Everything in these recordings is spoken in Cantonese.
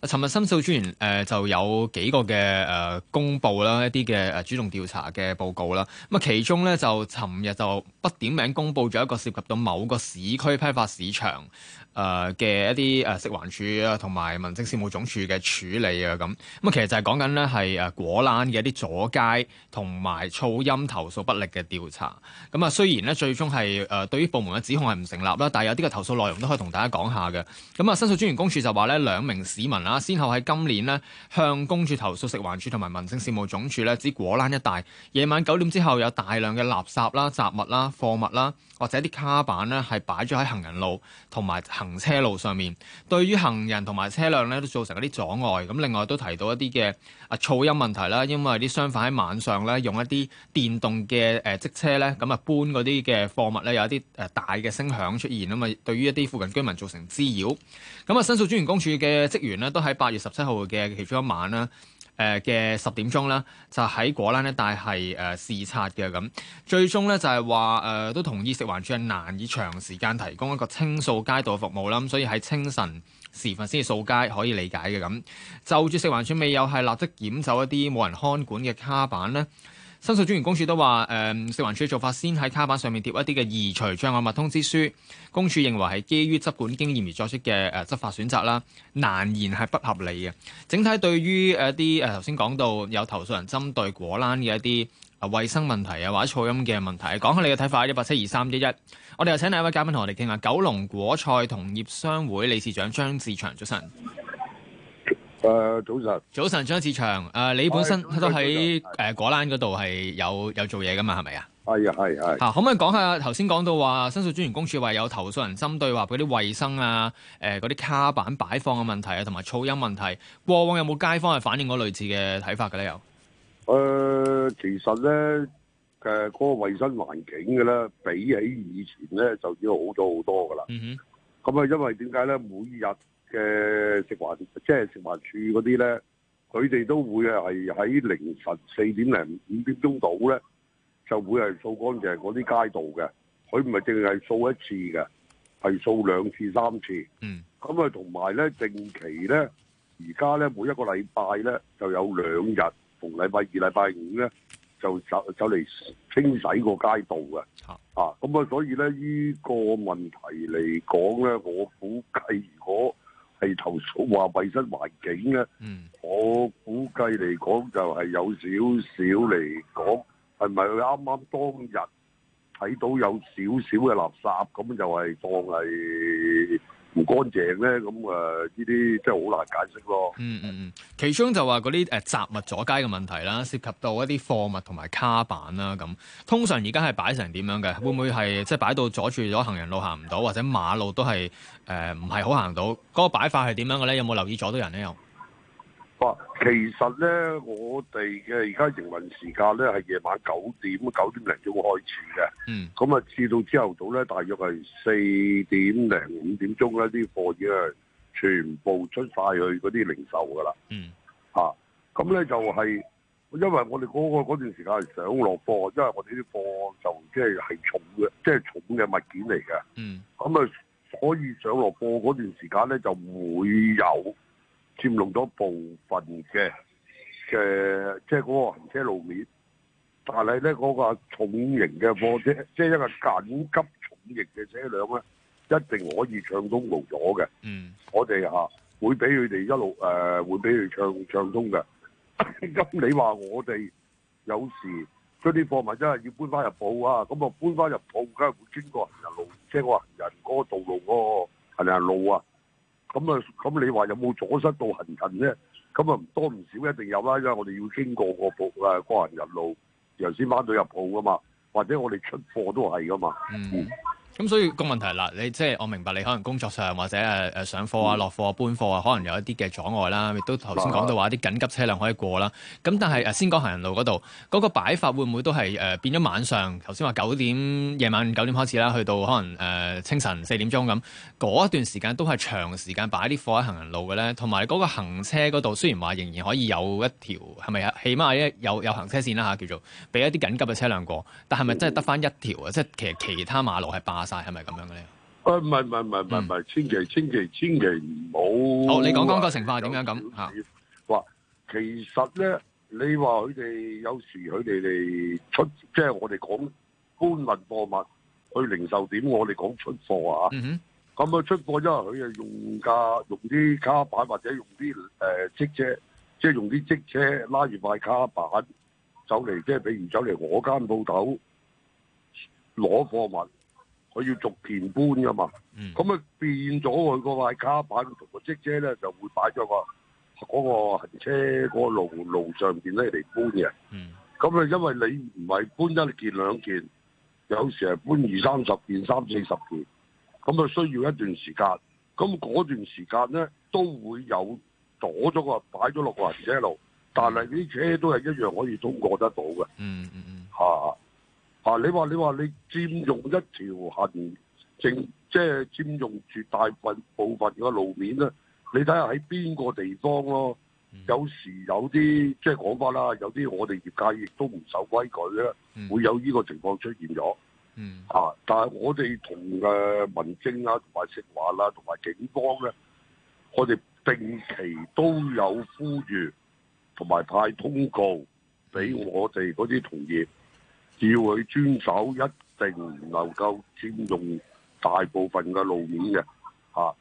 啊！尋日申訴專員誒就有幾個嘅誒、呃、公佈啦，一啲嘅誒主動調查嘅報告啦。咁啊，其中咧就尋日就不點名公佈咗一個涉及到某個市區批發市場。誒嘅、呃、一啲食環署啊，同埋民政事務總署嘅處理啊，咁咁啊，其實就係講緊呢係果欄嘅一啲阻街同埋噪音投訴不力嘅調查。咁啊，雖然呢最終係、呃、對於部門嘅指控係唔成立啦，但係有啲嘅投訴內容都可以同大家講下嘅。咁啊，申訴專員公署就話呢，兩名市民啦，先後喺今年呢向公署投訴食環署同埋民政事務總署呢，指果欄一帶夜晚九點之後有大量嘅垃圾啦、雜物啦、貨物啦，或者啲卡板呢，係擺咗喺行人路同埋行行車路上面，對於行人同埋車輛咧都造成一啲阻礙。咁另外都提到一啲嘅噪音問題啦，因為啲商販喺晚上咧用一啲電動嘅誒積車呢，咁啊，搬嗰啲嘅貨物呢，有一啲誒大嘅聲響出現啊嘛，對於一啲附近居民造成滋擾。咁啊，申訴專員公署嘅職員呢都喺八月十七號嘅其中一晚啦。誒嘅、呃、十點鐘啦，就喺果欄呢帶係誒、呃、視察嘅。咁，最終呢，就係話誒都同意食環署係難以長時間提供一個清掃街道服務啦，咁所以喺清晨時分先至掃街可以理解嘅。咁，就住食環署未有係立即撿走一啲冇人看管嘅卡板呢。申訴專員公署都話誒、嗯，食環署做法先喺卡板上面貼一啲嘅移除障礙物通知書，公署認為係基於執管經驗而作出嘅誒、呃、執法選擇啦，難言係不合理嘅。整體對於誒一啲誒頭先講到有投訴人針對果欄嘅一啲啊衞生問題啊或者噪音嘅問題，講下你嘅睇法一八七二三一一，我哋又請嚟一位嘉賓同我哋傾下，九龍果菜同業商會理事長張志祥早晨。誒、呃，早晨，早晨張志祥，誒、呃，你本身都喺誒果欄嗰度係有有做嘢噶嘛？係咪啊？係啊，係係。啊，可唔可以講下頭先講到話申訴專員公署話有投訴人針對話嗰啲衛生啊，誒、呃，嗰啲卡板擺放嘅問題啊，同埋噪音問題，過往有冇街坊係反映過類似嘅睇法嘅咧？有誒、呃，其實咧，誒，嗰個衛生環境嘅咧，比起以前咧，就已經好咗好多噶啦。嗯哼。咁啊，因為點解咧？每日嘅食環即係食環署嗰啲咧，佢哋都會啊係喺凌晨四點零五點鐘到咧，就會係掃乾淨嗰啲街道嘅。佢唔係淨係掃一次嘅，係掃兩次三次。嗯，咁啊同埋咧定期咧，而家咧每一個禮拜咧就有兩日，逢禮拜二、禮拜五咧就走走嚟清洗個街道嘅。啊，咁啊所以咧，呢個問題嚟講咧，我估計如果係投訴話衛生環境咧，嗯、我估計嚟講就係有少少嚟講，係咪佢啱啱當日睇到有少少嘅垃圾，咁就係當係。唔乾淨咧，咁呢啲真係好難解釋咯。嗯嗯嗯，其中就話嗰啲雜物阻街嘅問題啦，涉及到一啲貨物同埋卡板啦，咁通常而家係擺成點樣嘅？會唔會係即係擺到阻住咗行人路行唔到，或者馬路都係唔係好行到？嗰個擺法係點樣嘅咧？有冇留意阻到人咧？又？其實咧，我哋嘅而家營運時間咧係夜晚九點九點零鐘開始嘅，嗯，咁啊，至到朝頭早咧，大約係四點零五點鐘咧，啲貨已經係全部出晒去嗰啲零售㗎喇。嗯啊，嗯，嚇、就係，咁咧就係因為我哋嗰、嗰個嗰段時間係上落貨，因為我哋啲貨就即係係重嘅，即、就、係、係、重嘅物件嚟嘅，嗯，咁啊可以上落貨嗰段時間咧就會有。佔用咗部分嘅嘅，即係嗰個行車路面，但係咧嗰個重型嘅貨車，即係一個緊急重型嘅車輛咧，一定可以暢通無阻嘅。嗯，我哋嚇會俾佢哋一路誒，會俾佢暢暢通嘅。咁你話我哋有時將啲貨物真係要搬翻入鋪啊，咁啊搬翻入鋪，梗係會經過行人路，即係話行人嗰個道路嗰個行人路啊。咁啊，咁你話有冇阻塞到行近咧？咁啊，唔多唔少一定有啦，因為我哋要經過個鋪誒過行人路，然後先返到入鋪㗎嘛，或者我哋出貨都係㗎嘛。嗯。咁、嗯、所以個問題啦，你即係我明白你可能工作上或者誒誒、呃、上課啊、落課啊、搬貨啊，可能有一啲嘅阻礙啦。亦都頭先講到話啲緊急車輛可以過啦。咁但係誒先講行人路嗰度，嗰、嗰個擺法會唔會都係誒、呃、變咗晚上？頭先話九點夜晚九點開始啦，去到可能誒、呃、清晨四點鐘咁，嗰一段時間都係長時間擺啲貨喺行人路嘅咧。同埋嗰個行車嗰度，雖然話仍然可以有一條係咪啊起碼有有，有行車線啦、啊、吓叫做俾一啲緊急嘅車輛過，但係咪真係得翻一條啊？即係、嗯、其實其他馬路係霸晒係咪咁樣嘅咧？唔係，唔係，唔係，唔係，千祈千祈千祈唔好。好、哦，你講講個情況係點樣咁？話其實咧，你話佢哋有時佢哋嚟出，即係我哋講搬運貨物去零售點，我哋講出貨啊。咁啊出貨，因為佢啊用架用啲卡板，或者用啲誒積車，即係用啲積車拉住塊卡板走嚟，即係譬如走嚟我間鋪頭攞貨物。我要逐片搬㗎嘛，咁啊、嗯、變咗佢個塊卡板同個積車咧，就會擺咗個嗰個行車嗰個路路上邊咧嚟搬嘅。咁啊、嗯，因為你唔係搬一件兩件，有時係搬二三十件、三四十件，咁啊需要一段時間。咁嗰段時間咧，都會有阻咗個擺咗落個行車路，但係啲車都係一樣可以通過得到嘅。嗯嗯嗯，嚇、啊。啊！你話你話你佔用一條行，正即係、就是、佔用絕大部分嘅路面咧。你睇下喺邊個地方咯？有時有啲即係講翻啦，有啲我哋業界亦都唔守規矩咧，嗯、會有呢個情況出現咗。嗯，啊！但係我哋同誒民政啊、同埋食環啊、同埋警方咧，我哋定期都有呼籲同埋派通告俾我哋嗰啲同業。只要佢遵守一定唔能夠佔用大部分嘅路面嘅，吓、啊。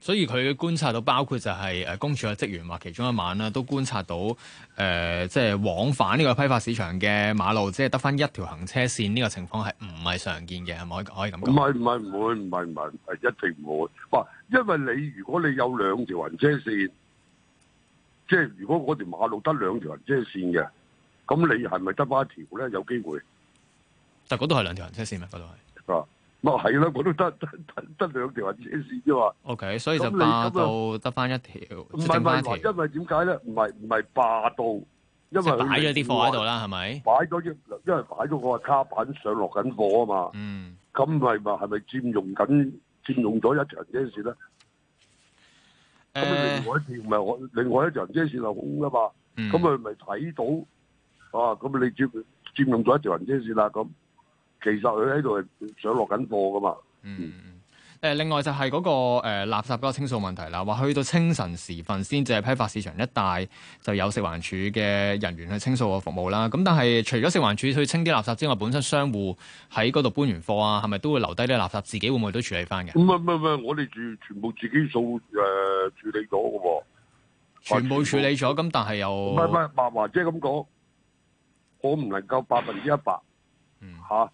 所以佢觀察到，包括就係誒，公署嘅職員話，其中一晚咧都觀察到，誒、呃，即係往返呢個批發市場嘅馬路，即係得翻一條行車線呢個情況係唔係常見嘅，係咪可以可以咁講？唔係唔係唔會，唔係唔係，係一定唔會。唔係因為你如果你有兩條行車線，即係如果嗰條馬路得兩條行車線嘅。咁你係咪得返一條呢？有機會？但係嗰度係兩條人車線咩？嗰度係啊，咪係咯？我都得得得兩條人車線啫嘛。O、okay, K，所以就霸道得返一條，唔係唔係，因為點解呢？唔係唔係霸道，因為擺咗啲貨喺度啦，係咪？擺咗因因為擺咗個卡板上落緊貨啊嘛。嗯，咁係咪係咪佔用緊佔用咗一場車線咧？咁、呃、另外一條另外一場車線留空噶嘛？咁佢咪睇到？哦，咁、啊、你佔佔用咗一條行車線啦，咁其實佢喺度上落緊貨㗎嘛。嗯，誒，另外就係嗰、那個誒、呃、垃圾個清掃問題啦。話去到清晨時分，先至係批發市場一帶就有食環署嘅人員去清掃個服務啦。咁但係除咗食環署去清啲垃圾之外，本身商戶喺嗰度搬完貨啊，係咪都會留低啲垃圾，自己會唔會都處理返嘅？唔係唔係唔係，我哋住全部自己掃誒、呃、處理咗嘅，全部處理咗。咁但係又唔係唔係，白話姐咁講。呃我唔能夠百分之一百，吓、嗯，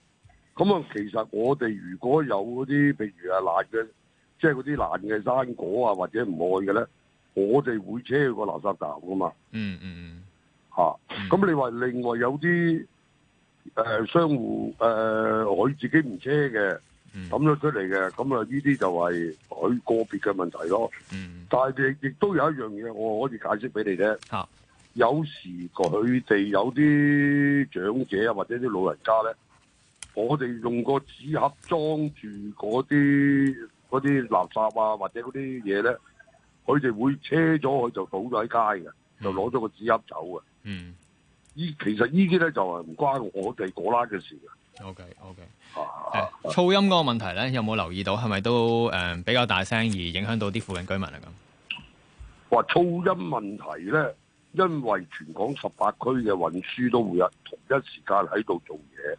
咁啊，其實我哋如果有嗰啲，譬如啊爛嘅，即係嗰啲爛嘅生果啊，或者唔愛嘅咧，我哋會車去個垃圾站噶嘛。嗯嗯吓，咁、啊嗯啊、你話另外有啲誒商戶誒，佢、呃呃、自己唔車嘅，抌咗、嗯、出嚟嘅，咁啊呢啲就係佢個別嘅問題咯。嗯，但係亦亦都有一樣嘢，我可以解釋俾你聽。吓。有時佢哋有啲長者啊，或者啲老人家咧，我哋用個紙盒裝住嗰啲嗰啲垃圾啊，或者嗰啲嘢咧，佢哋會車咗佢就倒咗喺街嘅，嗯、就攞咗個紙盒走嘅。嗯，其實依啲咧就係唔關我哋嗰欄嘅事嘅。O K O K，啊，噪音嗰個問題咧，有冇留意到係咪都誒比較大聲而影響到啲附近居民啊？咁，話噪音問題咧。因為全港十八區嘅運輸都會係同一時間喺度做嘢，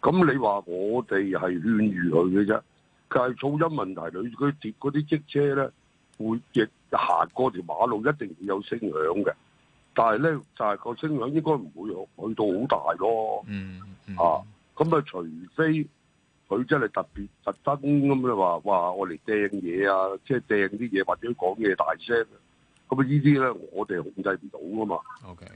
咁、嗯、你話我哋係勸喻佢嘅啫，但係噪音問題，佢佢嗰啲積車咧，會亦行過條馬路一定會有聲響嘅。但係咧，就係個聲響應該唔會去到好大咯。嗯嗯、啊，咁啊，除非佢真係特別特登咁樣話，哇！我嚟掟嘢啊，即係掟啲嘢或者講嘢大聲。咁啊！呢啲咧，我哋控制唔到噶嘛？OK，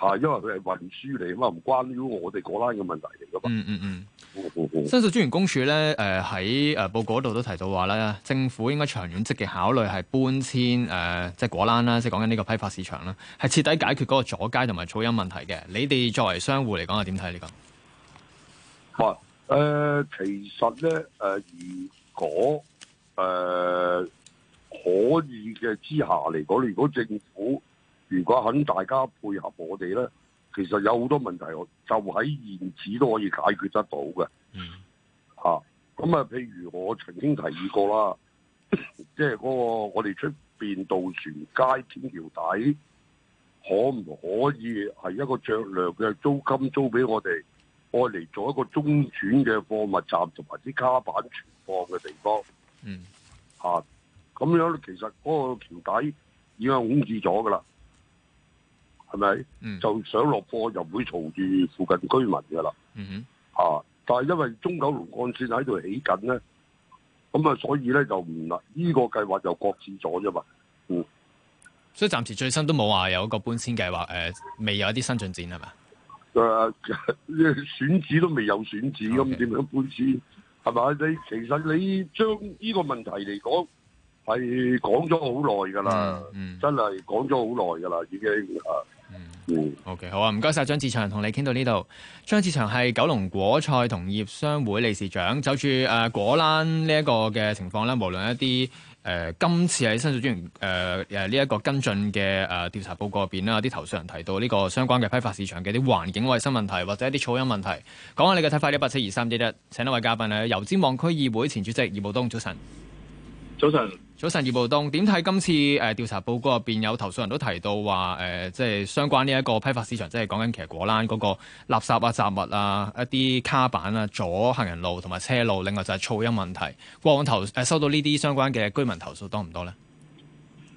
嚇，因為佢係運輸嚟，嘛唔關於我哋果欄嘅問題嚟噶嘛。嗯嗯嗯。好好好。申訴專員公署咧，誒喺誒報告度都提到話咧，政府應該長遠積極考慮係搬遷誒、呃，即係果欄啦、啊，即係講緊呢個批發市場啦，係徹底解決嗰個阻街同埋噪音問題嘅。你哋作為商戶嚟講，係點睇呢個？啊，誒，其實咧，誒、呃，如果誒。可以嘅之下嚟講，如果政府如果肯大家配合我哋咧，其實有好多問題我就喺現址都可以解決得到嘅。嗯，吓咁啊，譬如我曾經提議過啦，即係嗰個我哋出邊渡船街天橋底，可唔可以係一個酌量嘅租金租俾我哋，愛嚟做一個中轉嘅貨物站，同埋啲卡板存放嘅地方。嗯、mm. 啊，吓。咁樣其實嗰個橋底已經控制咗噶啦，係咪？嗯、就想落貨就唔會嘈住附近居民噶啦。嗯、嗯、啊、但係因為中九龍幹線喺度起緊咧，咁啊，所以咧就唔呢、呢個計劃就擱置咗啫嘛。嗯，所以暫時最新都冇話有，有一個搬遷計劃，誒、呃，未有一啲新進展係嘛？誒，選址都未有選址，咁點 Okay. 樣搬遷？係咪？你其實你將呢個問題嚟講。係講咗好耐噶啦，嗯，真係講咗好耐噶啦，已經啊，嗯，嗯，嗯，OK，好啊，唔該晒。張志祥，同你傾到呢度。張志祥係九龍果菜同業商會理事長，就住誒果欄呢一個嘅情況咧，無論一啲誒、呃、今次喺申訴專員誒誒呢一個跟進嘅誒、呃、調查報告入邊啦，有啲投訴人提到呢個相關嘅批發市場嘅啲環境衞生問題或者一啲噪音問題，講下你嘅睇法，一八七二三一一，請一位嘉賓咧，油尖旺區議會前主席葉傲冬早晨。早晨，早晨，葉傲冬，點睇今次誒調、呃、查報告入邊有投訴人都提到話誒、呃，即係相關呢一個批發市場，即係講緊其實果欄嗰個垃圾啊、雜物啊、一啲卡板啊，阻行人路同埋車路，另外就係噪音問題。過往投誒、呃、收到呢啲相關嘅居民投訴多唔多呢？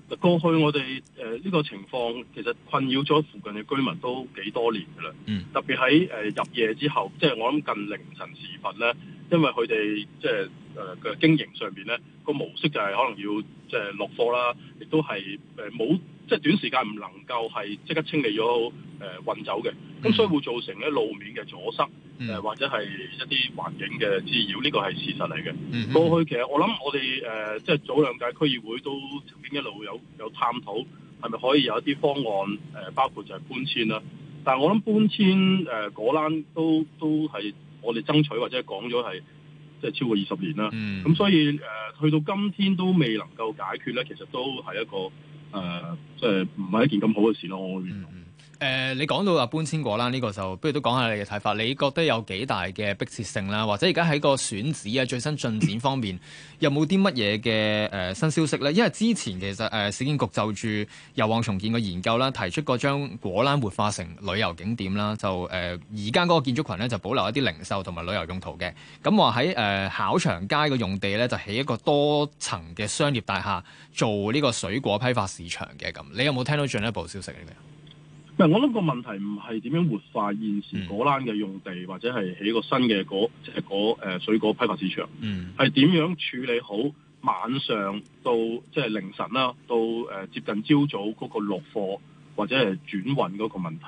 嗱，過去我哋誒呢個情況其實困擾咗附近嘅居民都幾多年噶啦，嗯，特別喺誒入夜之後，即係我諗近凌晨時分咧，因為佢哋即係。誒嘅、呃、經營上邊咧，個模式就係可能要即係、呃、落貨啦，亦都係誒冇即係短時間唔能夠係即刻清理咗誒、呃、運走嘅，咁所以會造成咧路面嘅阻塞，誒、呃、或者係一啲環境嘅滋擾，呢個係事實嚟嘅。過去其實我諗我哋誒、呃、即係早兩屆區議會都曾經一路有有探討，係咪可以有一啲方案誒、呃，包括就係搬遷啦。但係我諗搬遷誒、呃、果欄都都係我哋爭取或者講咗係。即係超過二十年啦，咁、mm hmm. 所以誒、呃、去到今天都未能夠解決咧，其實都係一個誒、呃，即係唔係一件咁好嘅事咯，我認為。誒、呃，你講到啊，搬遷果欄呢、呢個，就不如都講下你嘅睇法。你覺得有幾大嘅迫切性啦？或者而家喺個選址啊、最新進展方面，有冇啲乜嘢嘅新消息呢？因為之前其實誒市建局就住油旺重建嘅研究啦，提出過將果欄活化成旅遊景點啦。就誒而家嗰個建築群呢，就保留一啲零售同埋旅遊用途嘅。咁話喺誒考場街嘅用地呢，就起一個多層嘅商業大廈，做呢個水果批發市場嘅。咁你有冇聽到進一步消息呢？唔係，我諗個問題唔係點樣活化現時果欄嘅用地，或者係起個新嘅即係果誒水果批發市場，係點樣處理好晚上到即係凌晨啦，到誒接近朝早嗰個落貨或者係轉運嗰個問題？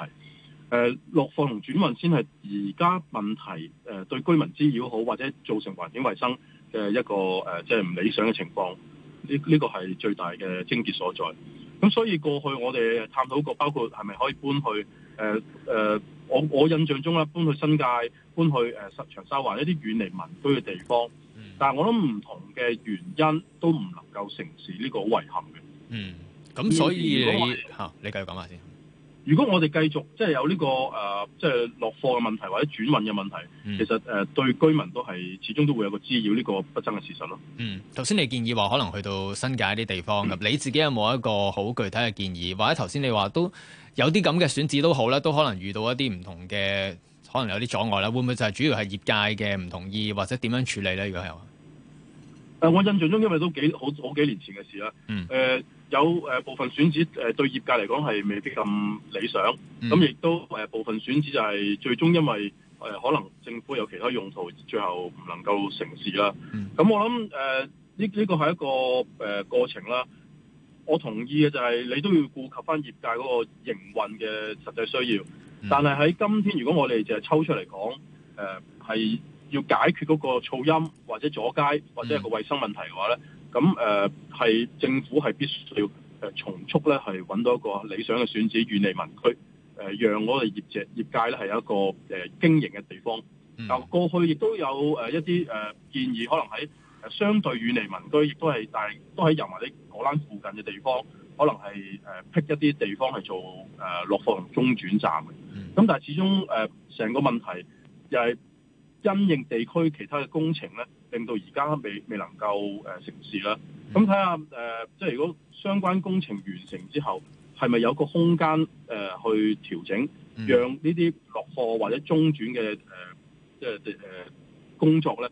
呃、落貨同轉運先係而家問題誒對居民滋擾好，或者造成環境衛生嘅一個誒即係唔理想嘅情況。呢呢個係最大嘅症結所在。咁所以過去我哋探討過，包括係咪可以搬去誒誒、呃，我我印象中啦，搬去新界、搬去誒長沙灣一啲遠離民居嘅地方。嗯、但係我諗唔同嘅原因都唔能夠成事，呢個遺憾嘅。嗯，咁所以嚇，你繼續講下先。如果我哋繼續即係有呢個誒、呃，即係落貨嘅問題或者轉運嘅問題，嗯，其實誒、呃、對居民都係始終都會有個滋擾，呢個不爭嘅事實咯。嗯，頭先你建議話可能去到新界啲地方咁，嗯、你自己有冇一個好具體嘅建議？或者頭先你話都有啲咁嘅選址都好啦，都可能遇到一啲唔同嘅，可能有啲阻礙啦，會唔會就係主要係業界嘅唔同意或者點樣處理咧？如果係誒，我印象中因為都幾好好幾年前嘅事啦。誒、mm. 呃，有誒、呃、部分選址誒、呃、對業界嚟講係未必咁理想，咁亦、mm. 嗯、都誒、呃、部分選址就係最終因為誒、呃、可能政府有其他用途，最後唔能夠成事啦。咁、mm. 嗯、我諗誒呢呢個係、這個、一個誒、呃、過程啦。我同意嘅就係你都要顧及翻業界嗰個營運嘅實際需要，mm. 但係喺今天如果我哋淨係抽出嚟講，誒、呃、係。要解決嗰個噪音或者阻街或者係個衛生問題嘅話呢，咁誒係政府係必須要重築呢，係揾到一個理想嘅選址，遠離民居、呃，讓我哋業者業界咧係有一個、呃、經營嘅地方。嗱，嗯、過去亦都有一啲、呃、建議，可能喺相對遠離民居，亦都係但係都喺又或者果欄附近嘅地方，可能係誒闢一啲地方係做、呃、落貨同中轉站嘅。咁、嗯、但係始終成、呃、個問題、又係因應地區其他嘅工程咧，令到而家未未能夠誒成事啦。咁睇下誒，即係如果相關工程完成之後，係咪有個空間誒、呃、去調整，讓呢啲落貨或者中轉嘅誒即係誒工作咧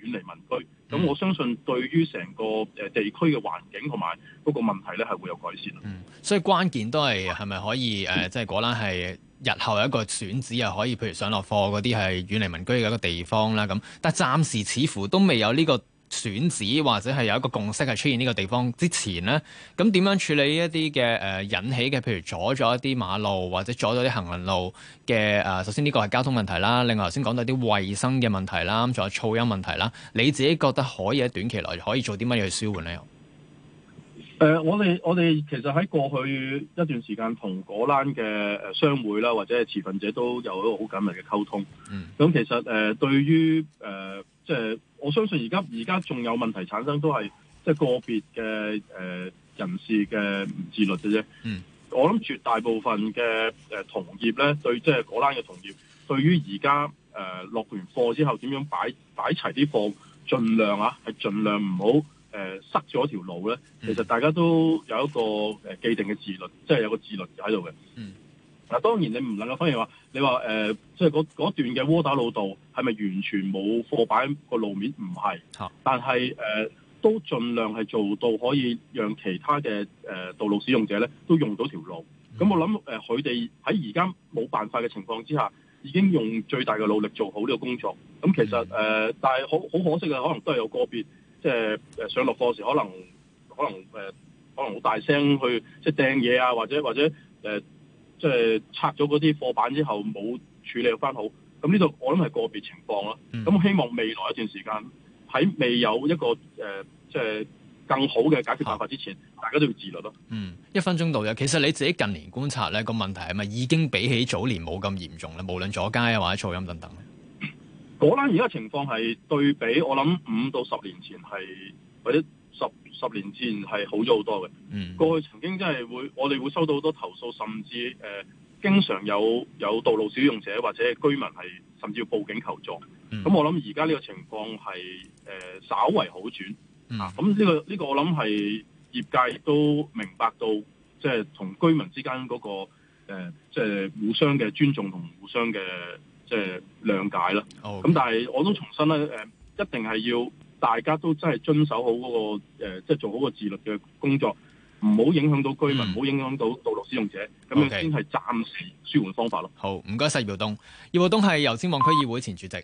遠離民居？咁我相信對於成個誒地區嘅環境同埋嗰個問題咧，係會有改善。嗯，所以關鍵都係係咪可以誒，即、呃、係、就是、果欄係。日後有一個選址，又可以譬如上落貨嗰啲係遠離民居嘅一個地方啦。咁，但係暫時似乎都未有呢個選址，或者係有一個共識係出現呢個地方之前呢，咁點樣處理一啲嘅誒引起嘅，譬如阻咗一啲馬路或者阻咗啲行人路嘅誒，首先呢個係交通問題啦，另外頭先講到啲衞生嘅問題啦，咁仲有噪音問題啦。你自己覺得可以喺短期內可以做啲乜嘢去舒緩呢？誒、呃，我哋我哋其實喺過去一段時間同果欄嘅誒商會啦，或者係持份者都有一個好緊密嘅溝通。嗯。咁其實誒、呃，對於誒，即、呃、係、就是、我相信而家而家仲有問題產生都係即係個別嘅誒人士嘅唔自律嘅啫。嗯。我諗絕大部分嘅誒同業咧，對即係果欄嘅同業，對於而家誒落完貨之後點樣擺擺齊啲貨，盡量啊，係盡量唔好。誒，塞咗條路咧，其實大家都有一個誒既定嘅自律，即係有個自律喺度嘅。嗯，嗱，當然你唔能夠反而話，你話誒，即係嗰段嘅窩打老道係咪完全冇貨擺個路面？唔係，但係誒、呃、都盡量係做到可以讓其他嘅誒、呃、道路使用者咧都用到條路。咁、嗯、我諗誒，佢哋喺而家冇辦法嘅情況之下，已經用最大嘅努力做好呢個工作。咁其實誒、呃，但係好好可惜嘅，可能都係有個別。即係誒上落貨時，可能可能誒、呃、可能好大聲去即係掟嘢啊，或者或者誒即係拆咗嗰啲貨板之後冇處理翻好。咁呢度我諗係個別情況咯。咁、嗯、希望未來一段時間喺未有一個誒即係更好嘅解決辦法之前，好大家都要自律咯。嗯，一分鐘到嘅，其實你自己近年觀察呢個問題係咪已經比起早年冇咁嚴重啦？無論阻街啊，或者噪音等等。果欄而家情況係對比，我諗五到十年前係或者十十年前係好咗好多嘅。過去曾經真係會，我哋會收到好多投訴，甚至、呃、經常有有道路使用者或者居民係甚至要報警求助。咁、嗯、我諗而家呢個情況係誒、呃、稍為好轉。咁呢、嗯呢個呢、呢個我諗係業界都明白到，即係同居民之間嗰、嗰個即係、呃即係、互相嘅尊重同互相嘅，即係諒解啦。咁 Okay. 但係我都重申咧，誒一定係要大家都真係遵守好嗰、那個即係、呃就是、做好個自律嘅工作，唔好影響到居民，唔好、嗯、影響到道路使用者，咁樣先係暫時舒緩方法咯。好，唔該晒葉傲冬，葉傲冬係油尖旺區議會前主席。